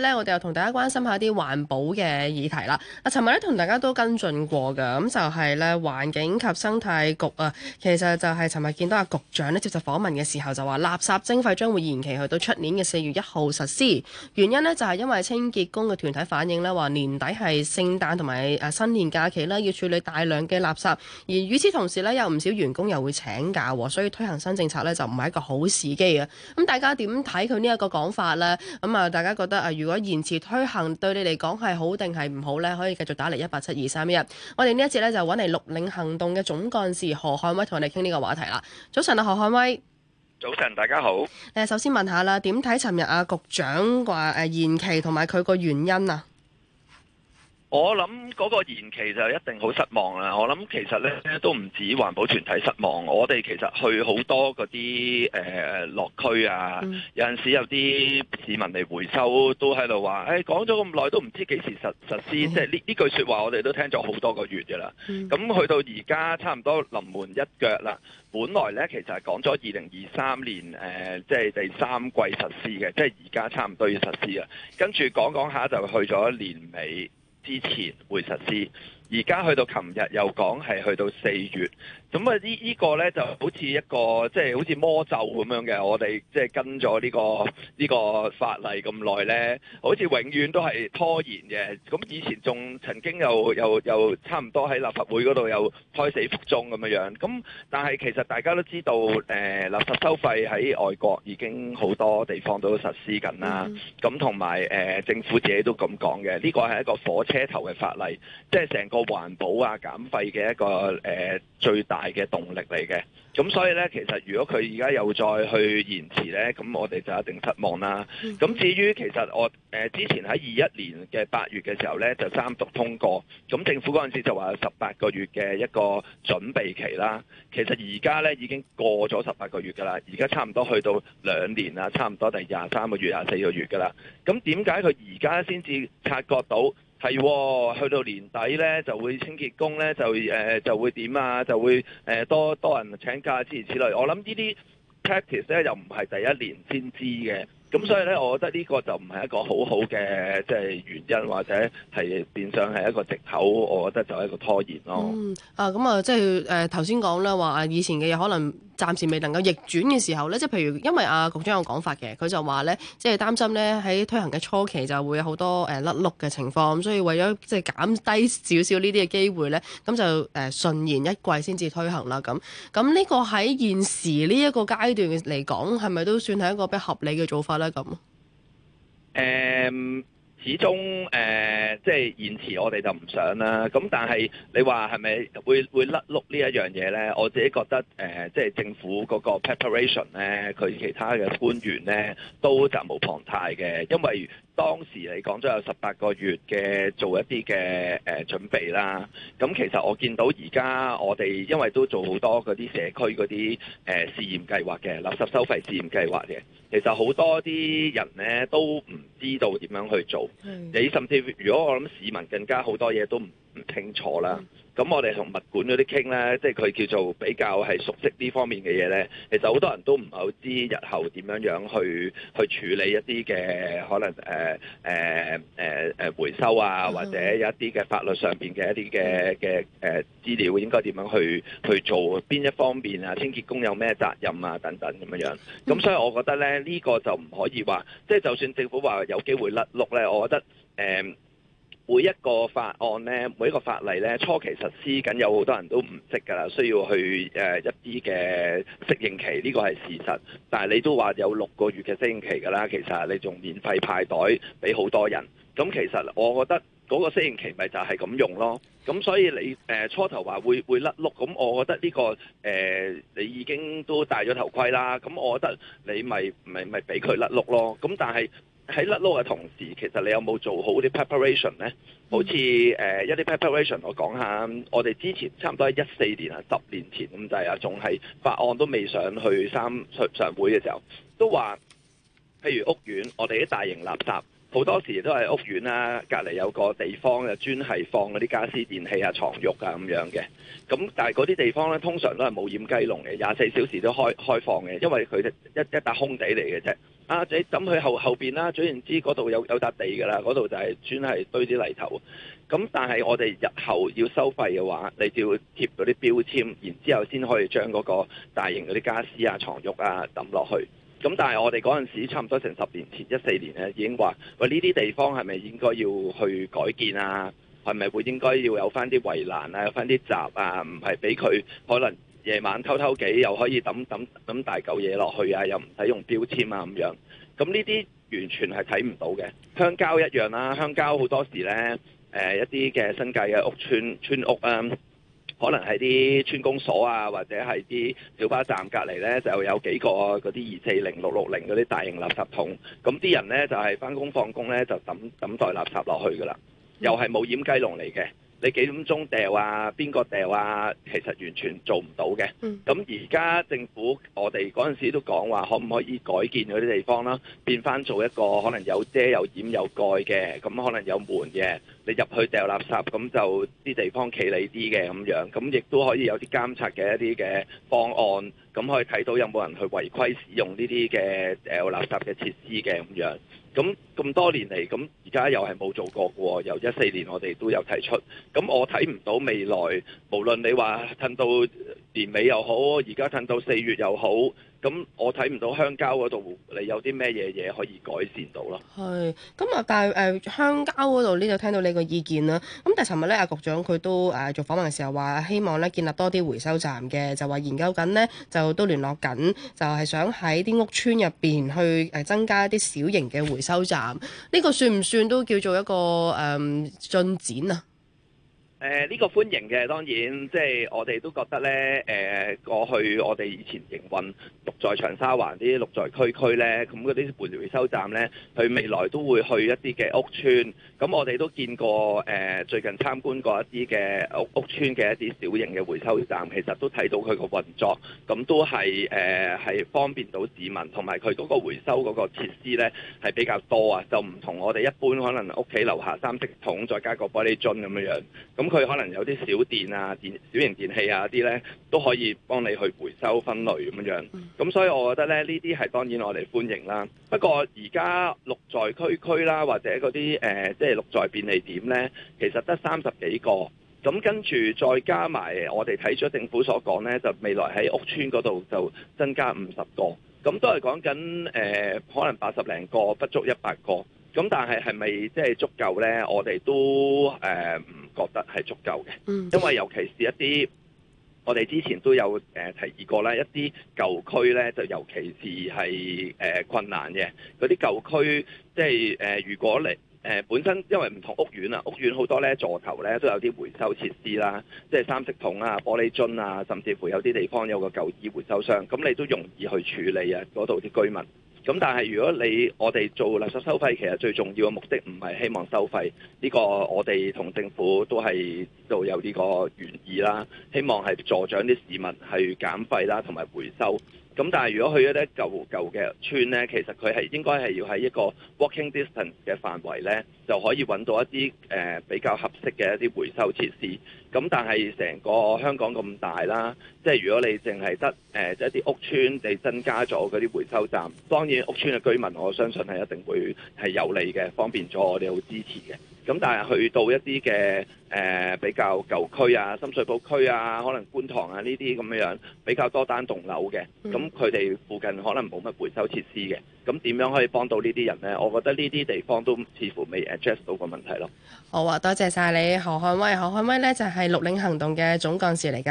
咧我哋又同大家關心下啲環保嘅議題啦。啊，尋日咧同大家都跟進過噶，咁就係咧環境及生態局啊，其實就係尋日見到阿局長呢，接受訪問嘅時候就話，垃圾徵費將會延期去到出年嘅四月一號實施。原因呢，就係因為清潔工嘅團體反映呢，話年底係聖誕同埋誒新年假期呢，要處理大量嘅垃圾，而與此同時呢，有唔少員工又會請假，所以推行新政策呢，就唔係一個好時機啊。咁大家點睇佢呢一個講法呢？咁啊，大家覺得啊？如果延遲推行對你嚟講係好定係唔好呢？可以繼續打嚟一八七二三一。我哋呢一節咧就揾嚟綠領行動嘅總幹事何漢威同我哋傾呢個話題啦。早晨啊，何漢威。早晨，大家好。誒，首先問下啦，點睇尋日啊局長話延期同埋佢個原因啊？我諗嗰個延期就一定好失望啦。我諗其實咧都唔止環保團體失望，我哋其實去好多嗰啲誒樂區啊，嗯、有陣時有啲市民嚟回收都喺度話：誒、哎、講咗咁耐都唔知幾時實實施。即係呢呢句説話我哋都聽咗好多個月嘅啦。咁、嗯、去到而家差唔多臨門一腳啦。本來咧其實係講咗二零二三年誒、呃就係，即係第三季實施嘅，即係而家差唔多要實施啦。跟住講講下就去咗年尾。之前會實施。而家去到琴日，又講係去到四月，咁啊呢呢個咧就好似一個即係、就是、好似魔咒咁樣嘅，我哋即係跟咗呢個呢個法例咁耐咧，好似永遠都係拖延嘅。咁以前仲曾經又又又差唔多喺立法會嗰度又胎死腹中咁樣樣，咁但係其實大家都知道，誒垃圾收費喺外國已經好多地方都實施緊啦。咁同埋誒政府自己都咁講嘅，呢個係一個火車頭嘅法例，即係成個。環保啊減費嘅一個誒、呃、最大嘅動力嚟嘅，咁所以呢，其實如果佢而家又再去延遲呢，咁我哋就一定失望啦。咁至於其實我誒、呃、之前喺二一年嘅八月嘅時候呢，就三讀通過，咁政府嗰陣時就話有十八個月嘅一個準備期啦。其實而家呢已經過咗十八個月噶啦，而家差唔多去到兩年啦，差唔多第二十三個月、廿四個月噶啦。咁點解佢而家先至察覺到？係，去到年底咧就會清潔工咧就誒、呃，就會點啊，就會誒、呃、多多人請假諸如此類。我諗呢啲 practice 咧又唔係第一年先知嘅。咁所以咧，我覺得呢個就唔係一個好好嘅即係原因，或者係變相係一個藉口。我覺得就係一個拖延咯。啊，咁、嗯、啊，即係誒頭先講咧話以前嘅嘢可能暫時未能夠逆轉嘅時候咧，即係譬如因為啊局長有講法嘅，佢就話咧即係擔心咧喺推行嘅初期就會有好多誒、呃、甩碌嘅情況，所以為咗即係減低少少呢啲嘅機會咧，咁就誒、呃、順延一季先至推行啦。咁咁呢個喺現時呢一個階段嚟講，係咪都算係一個比較合理嘅做法？咁，誒、嗯，始終誒、呃，即係延遲我，我哋就唔想啦。咁但係你話係咪會會甩碌呢一樣嘢咧？我自己覺得誒、呃，即係政府嗰個 preparation 咧，佢其他嘅官員咧都責無旁貸嘅，因為。當時你講咗有十八個月嘅做一啲嘅誒準備啦，咁其實我見到而家我哋因為都做好多嗰啲社區嗰啲誒試驗計劃嘅垃圾收費試驗計劃嘅，其實好多啲人呢都唔知道點樣去做，你甚至如果我諗市民更加好多嘢都唔唔清楚啦，咁我哋同物管嗰啲傾咧，即係佢叫做比較係熟悉呢方面嘅嘢咧。其實好多人都唔係好知日後點樣樣去去處理一啲嘅可能誒誒誒誒回收啊，或者有一啲嘅法律上邊嘅一啲嘅嘅誒資料應該點樣去去做邊一方面啊？清潔工有咩責任啊？等等咁樣樣。咁所以我覺得咧，呢、呢個就唔可以話，即係就算政府話有機會甩碌咧，我覺得誒。呃每一個法案呢，每一個法例呢，初期實施緊有好多人都唔識㗎啦，需要去誒、呃、一啲嘅適應期，呢、這個係事實。但係你都話有六個月嘅適應期㗎啦，其實你仲免費派袋俾好多人。咁、嗯、其實我覺得嗰個適應期咪就係咁用咯。咁、嗯、所以你誒、呃、初頭話會會甩碌，咁、嗯、我覺得呢、這個誒、呃、你已經都戴咗頭盔啦。咁、嗯、我覺得你咪咪咪俾佢甩碌咯。咁、嗯、但係。喺甩 l o 嘅同時，其實你有冇做好啲 preparation 呢？好似誒、呃、一啲 preparation，我講下我哋之前差唔多係一四年啊，十年前咁就係仲係法案都未上去三出常會嘅時候，都話譬如屋苑，我哋啲大型垃圾好多時都係屋苑啦，隔離有個地方嘅專係放嗰啲家私電器啊、床褥啊咁樣嘅。咁但係嗰啲地方呢，通常都係冇掩雞籠嘅，廿四小時都開開放嘅，因為佢一一笪空地嚟嘅啫。阿仔抌去後後邊啦，總言之嗰度有有笪地㗎啦，嗰度就係專係堆啲泥頭。咁但係我哋日後要收費嘅話，你就要貼嗰啲標籤，然之後先可以將嗰個大型嗰啲傢俬啊、床褥啊抌落去。咁但係我哋嗰陣時差唔多成十年前一四年咧，已經話喂，呢啲地方係咪應該要去改建啊？係咪會應該要有翻啲圍欄啊？有翻啲閘啊？唔係俾佢可能。夜晚偷偷地又可以抌抌抌大嚿嘢落去啊，又唔使用，用標籤啊咁樣，咁呢啲完全係睇唔到嘅。鄉郊一樣啦、啊，鄉郊好多時呢，誒、呃、一啲嘅新界嘅屋村村屋啊、嗯，可能係啲村公所啊，或者係啲小巴站隔離呢，就有幾個嗰啲二四零六六零嗰啲大型垃圾桶，咁啲人呢，就係返工放工呢，就抌抌袋垃圾落去㗎喇，又係冇掩雞籠嚟嘅。你幾點鐘掉啊？邊個掉啊？其實完全做唔到嘅。咁而家政府我哋嗰陣時都講話，可唔可以改建嗰啲地方啦？變返做一個可能有遮、有掩、有蓋嘅，咁可能有門嘅。你入去掉垃圾，咁就啲地方企理啲嘅咁樣，咁亦都可以有啲監察嘅一啲嘅方案。咁可以睇到有冇人去違規使用呢啲嘅誒垃圾嘅設施嘅咁樣，咁咁多年嚟。咁而家又係冇做過嘅，由一四年我哋都有提出，咁我睇唔到未來，無論你話褪到。年尾又好，而家褪到四月又好，咁我睇唔到鄉郊嗰度你有啲咩嘢嘢可以改善到咯。係，咁啊，但係誒、呃、鄉郊嗰度呢度聽到你個意見啦。咁但係尋日咧，阿局長佢都誒、呃、做訪問嘅時候話，希望咧建立多啲回收站嘅，就話研究緊咧，就都聯絡緊，就係、是、想喺啲屋村入邊去誒增加一啲小型嘅回收站。呢、這個算唔算都叫做一個誒、嗯、進展啊？誒呢、呃這個歡迎嘅，當然即係我哋都覺得呢。誒、呃、過去我哋以前營運綠在長沙灣啲綠在區區呢，咁嗰啲回收站呢，佢未來都會去一啲嘅屋村。咁我哋都見過誒、呃，最近參觀過一啲嘅屋村嘅一啲小型嘅回收站，其實都睇到佢個運作，咁都係誒係方便到市民，同埋佢嗰個回收嗰個設施呢，係比較多啊，就唔同我哋一般可能屋企樓下三色桶再加個玻璃樽咁樣樣，咁。佢可能有啲小電啊、電小型電器啊啲咧，都可以幫你去回收分類咁樣。咁所以我覺得咧，呢啲係當然我哋歡迎啦。不過而家綠在區區啦，或者嗰啲誒，即係綠在便利點咧，其實得三十幾個。咁跟住再加埋我哋睇咗政府所講咧，就未來喺屋邨嗰度就增加五十個。咁都係講緊誒，可能八十零個，不足一百個。咁但係係咪即係足夠呢？我哋都誒唔覺得係足夠嘅，因為尤其是一啲我哋之前都有誒提議過啦。一啲舊區呢，就尤其是係誒困難嘅嗰啲舊區，即係誒如果你誒本身因為唔同屋苑啊，屋苑好多呢座頭呢都有啲回收設施啦，即係三色桶啊、玻璃樽啊，甚至乎有啲地方有個舊衣回收箱，咁你都容易去處理啊，嗰度啲居民。咁但係如果你我哋做垃圾收費，其實最重要嘅目的唔係希望收費，呢個我哋同政府都係都有呢個原意啦，希望係助長啲市民去減費啦，同埋回收。咁但係如果去一啲舊舊嘅村呢，其實佢係應該係要喺一個 walking distance 嘅範圍呢，就可以揾到一啲誒比較合適嘅一啲回收設施。咁但係成個香港咁大啦，即係如果你淨係得誒即一啲屋村你增加咗嗰啲回收站，當然屋村嘅居民，我相信係一定會係有利嘅，方便咗我哋好支持嘅。咁但係去到一啲嘅誒比較舊區啊、深水埗區啊、可能觀塘啊呢啲咁樣樣，比較多單棟樓嘅，咁佢哋附近可能冇乜回收設施嘅，咁點樣可以幫到呢啲人呢？我覺得呢啲地方都似乎未 address 到個問題咯。好啊，多謝晒你何漢威。何漢威呢？就係、是、綠領行動嘅總幹事嚟㗎。